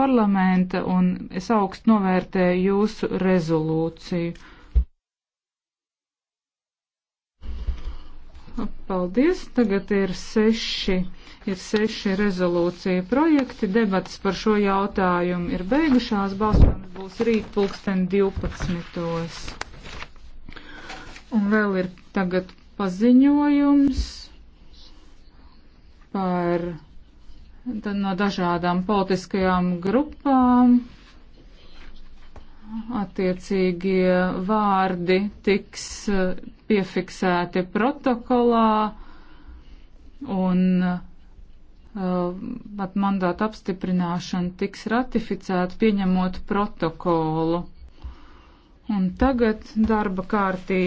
parlamenta, un es augstu novērtēju jūsu rezolūciju. Paldies, tagad ir seši, ir seši rezolūcija projekti, debats par šo jautājumu ir beigušās, balsojums būs rīt pulksten 12. Un vēl ir tagad paziņojums par no dažādām politiskajām grupām attiecīgie vārdi tiks eh, piefiksēti protokolā un eh, pat uh, mandāta apstiprināšana tiks ratificēta pieņemot protokolu. Un tagad darba kārtī.